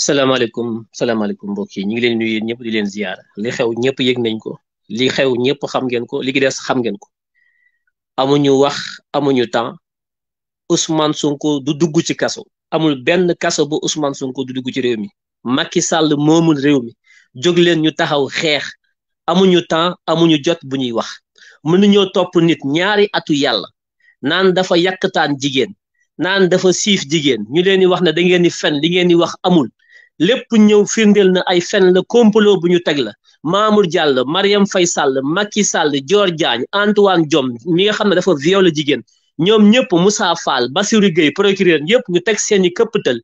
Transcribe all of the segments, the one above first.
salaamaaleykum salaamaaleykum mbokk yi ñu ngi leen nuyu ñëpp di leen ziyaara li xew ñëpp yëg nañ ko li xew ñëpp xam ngeen ko li gi dess xam ngeen ko amuñu wax amuñu temps Ousmane Sonko du dugg ci kaso amul benn kaso bu Ousmane Sonko du dugg ci réew mi Macky Sall momul réew mi jog leen ñu taxaw xeex amuñu temps amuñu jot bu ñuy wax ñoo topp nit ñaari atu yàlla naan dafa jigéen naan dafa siif jigéen ñu leen di wax ne da ngeen ni fen li ngeen di wax amul lépp ñëw firndeel na ay fenn la complot bu ñu teg la Mamour Diallo Mariam Faye Sall Macky Sall Dior Diagne Antoine Diome mi nga xam ne dafa la jigéen ñoom ñëpp Moussa Fall Bassirou Gueye procureur ñëpp ñu teg seeni këppatal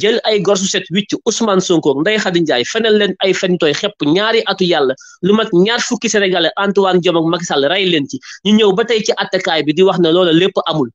jël ay gorsu set wicc Ousmane Sonko nday Khady Ndiaye feneen leen ay fen tooy xepp ñaari atu yàlla lu mat ñaar fukki sénégalais Antoine Diome ak Macky Sall rey leen ci ñu ñëw ba tey ci attakaay bi di wax ne loola lépp amul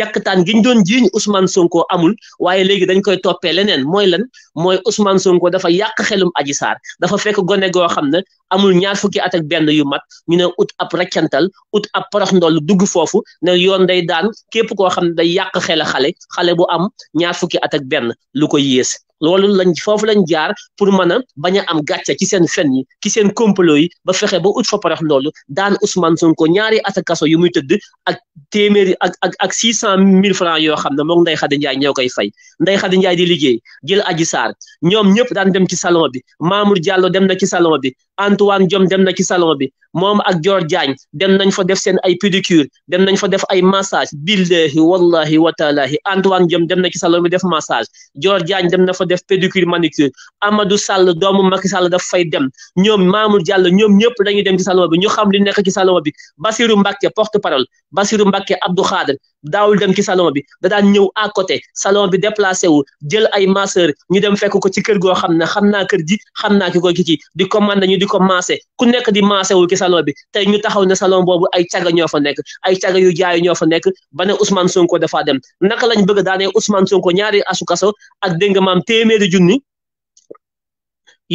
yàqtaan gi ñu doon jiiñ Ousmane Sonko amul waaye léegi dañ koy toppee leneen mooy lan mooy Ousmane Sonko dafa yàq xelum aji Sarr dafa fekk gone goo xam ne amul ñaar fukki at benn yu mat ñu ne ut ab reccantal ut ab porox ndol dugg foofu ne yoon day daan képp koo xam ne day yàq xel xale xale bu am ñaar fukki at ak benn lu ko yées loolu lañ foofu lañ jaar pour mën a bañ a am gàcce ci seen fen yi ci seen complot yi ba fexe ba ut fa parax loolu daan Ousmane Sonko ñaari at ak yu muy tëdd ak téeméeri ak ak ak six cent mille francs yoo xam ne moom Ndeye Khady Ndiaye ñoo koy fay Ndeye Khady Ndiaye di liggéey jël Adji Sarr ñoom ñëpp daan dem ci salon bi Mamour Diallo dem na ci salon bi Antoine Diome dem na ci salon bi moom ak Dior Diagne dem nañ fa def seen ay pédicure dem nañ fa def ay massage billahi wallahi wa taalahi Antoine Diome dem na ci salon bi def massage Dior Diagne dem na fa dafa def pédicure manicure Amadou Sall doomu Macky Sall daf fay dem ñoom Mamour Diallo ñoom ñëpp dañuy dem ci salon bi ñu xam li nekk ci salon bi Basirou Mbacke porte parole Basirou Mbacke Abdou Khadre daawul dem ci salon bi da daan ñëw à côté salon bi déplacé wu jël ay masseur ñu dem fekk ko ci kër goo xam ne xam naa kër ji xam naa ki ko ki ci di commandé ñu di ko massé ku nekk di massé wu ci salon bi tey ñu taxaw ne salon boobu ay caga ñoo fa nekk ay caga yu jaayu ñoo fa nekk ba ne Ousmane Sonko dafaa dem naka lañ bëgg daanee ousman Sonko ñaari asukaso ak dégg nga maam téeméeri junni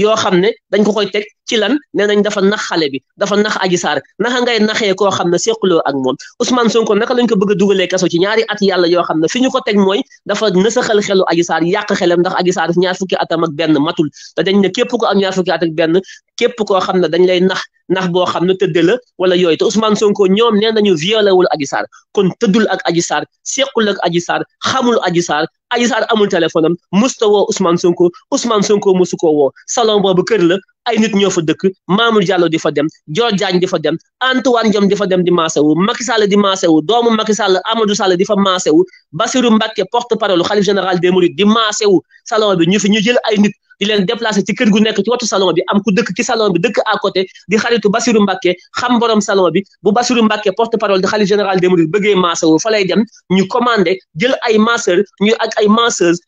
yoo xam ne dañ ko koy teg ci lan ne nañ dafa nax xale bi dafa nax aji saar naka ngay naxee koo xam ne seqaloo ak moom Ousmane Sonko naka lañ ko bëgg a dugalee kaso ci ñaari at yàlla yoo xam ne fi ñu ko teg mooy dafa nësaxal xelu aji saar yàq xelam ndax aji saar ñaar fukki atam ak benn matul te dañ ne képp ko am ñaar fukki at ak benn képp koo xam ne dañ lay nax ndax boo xam ne tëdd la wala yooyu te Ousmane Sonko ñoom nee nañu violé wul Adji Sarr kon tëddul ak Adji Sarr sequl ak Adji Sarr xamul Adji Sarr Adji Sarr amul téléphone am musta woo Ousmane Sonko Ousmane Sonko musu ko woo salon boobu kër la ay nit ñoo fa dëkk Mamour Diallo di fa dem Dior Diagne di fa dem Antoine Diome di fa dem di wu Macky Sall di wu doomu Macky Sall Amadou Sall di fa wu Bassirou Mbacké porte parole xalif général des Mourides di wu salon bi ñu fi ñu jël ay nit di leen déplacé ci kër gu nekk ci wetu salon bi am ku dëkk ci salon bi dëkk à côté di xaritu Bassirou Mbacké xam borom salon bi bu Bassirou Mbacké porte parole di xalif général des mourides bëggee maasawul dem ñu commandé jël ay masseur ñu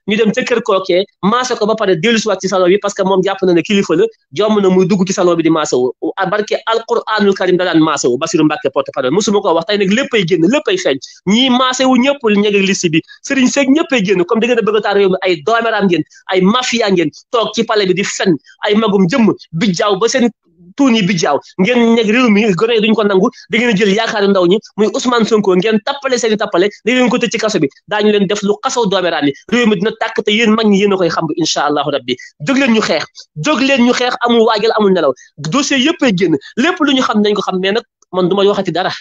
ñu dem ca kër kookee maase ko ba pare dellusiwaat ci salon bi parce que moom jàpp na ne kilifa la jomm na muy dugg ci salon bi di maasawu barke alquranul karim da daan maasawu Bassirou porte parole mosuma ko comme da ngeen a bëgg a taal réew ay dooméraam ngeen ay mafia toog ci palais bi di fen ay magum jëmm bijjaaw ba seen tuun yi bijjaaw ngeen nekk réew mi gone duñ ko nangu da ngeen jël yaakaaru ndaw ñi muy Ousmane Sonko ngeen tappale seen i tappale da ngeen ko tëj ci kaso bi daañu leen def lu xasaw doomeraam yi réew mi dina tàkk te yéen mag ñi yéen a koy xam incha allahu rabbi jóg leen ñu xeex amu leen ñu amul waajal amul nelaw dossier yëpp ay génn lépp lu ñu xam nañ ko xam mais nag man du ma waxati dara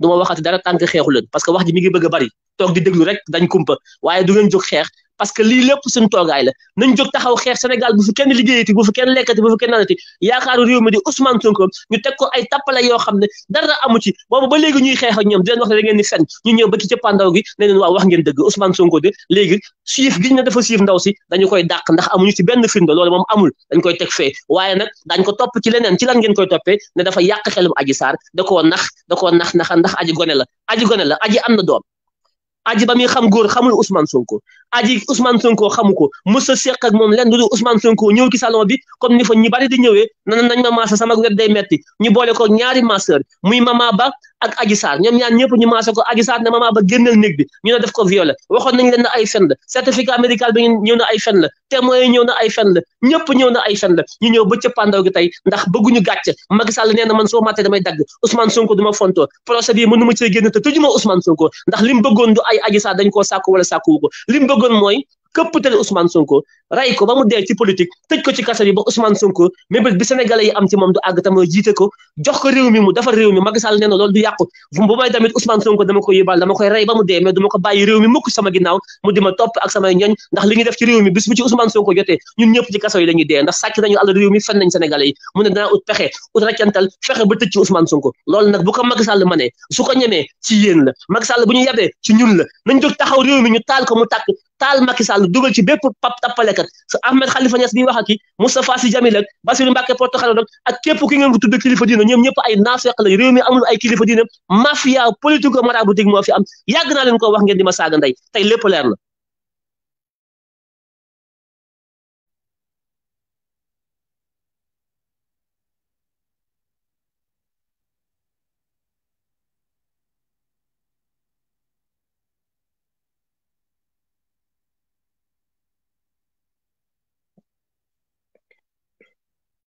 du ma waxati dara tànk xeexu leen parce wax ji mi ngi bëgg a bari toog déglu rek dañ kumpa waaye du ngeen jóg xeex parce que li lépp sun togay la nañ jóg taxaw xex Sénégal bu fu kenn liggéeyati bu fu kenn lekkati bu fu kenn nanati yaakaaru rew mi di Ousmane Sonko ñu tek ko ay tapala yo xamne dara amu ci bo ba léegi ñuy xex ak ñom di leen wax ne da ngeen ni fen ñu ñëw ba ci pandaw gi ne wa wax ngeen deug Ousmane Sonko de léegi siif giñ na dafa siif ndaw si dañ koy dàq ndax amu ñu ci benn firnde lolu mom amul dañ koy tek fe waye nak dañ ko top ci leneen ci lan ngeen koy topé ne dafa yak xelum aji sar da ko nax da ko nax nax ndax aji gonela aji gonela aji amna na doom aji ba xam góor xamul Ousmane Sonko aji Ousmane Sonko xamu ko mos a seq ak moom lenn du Ousmane Sonko ñëw ci bi comme ni fa ñu bari di ñëwee nan nañ ma maasa sama wet day metti ñu boole ko ñaari masseur muy Mama Ba ak Adji Sarr ñoom ñaar ñëpp ñu maasa ko Adji Sarr ne Mama Ba génnal néeg bi ñu def ko violé waxoon nañ leen ay fen la certificat médical bi ñëw na ay fen la témoin yi ñëw na ay fen la ñëpp ñëw na ay fen la ñu ñëw ba cëppaandaw gi tey ndax bëgguñu gàcce Macky Sall nee na man soo matee damay dagg Ousmane Sonko du ma fontoo procès bi mënu ma cee bëggoon mooy këpptale Ousmane Sonko ray ko ba mu dee ci politique tëj ko ci kaso ba Ousmane Sonko mébét bi sénégalais yi am ci moom du àgg tamit Ousmane Sonko dama ko yóbbaal dama koy rey ba mu dee mais duma ko bàyyi réew mukk sama ginnaaw mu di topp ak samay ñoñ ndax li ñuy def ci réew bis bu ci Ousmane Sonko jotee ñun ñëpp ci kaso yi dee ndax sàcc nañu àll réew fen nañ sénégalais yi mu ne danaa ut pexe ut raccantal fexe ba tëj ci Ousmane Sonko loolu nag bu ko Macky taal Macky Sall dugal ci bépp pap tappalekat sa Ahmed Khalifa Niass bi wax ak i Moustapha Sy Bassirou Mbacké Portokhali rek ak képp ki ngeen ko ñëpp ay naafeq lañ réew mi amul ay kilifa mafia politique maraboutique moo fi am yàgg naa leen ko wax ngeen di ma saaga ndey tey lépp leer na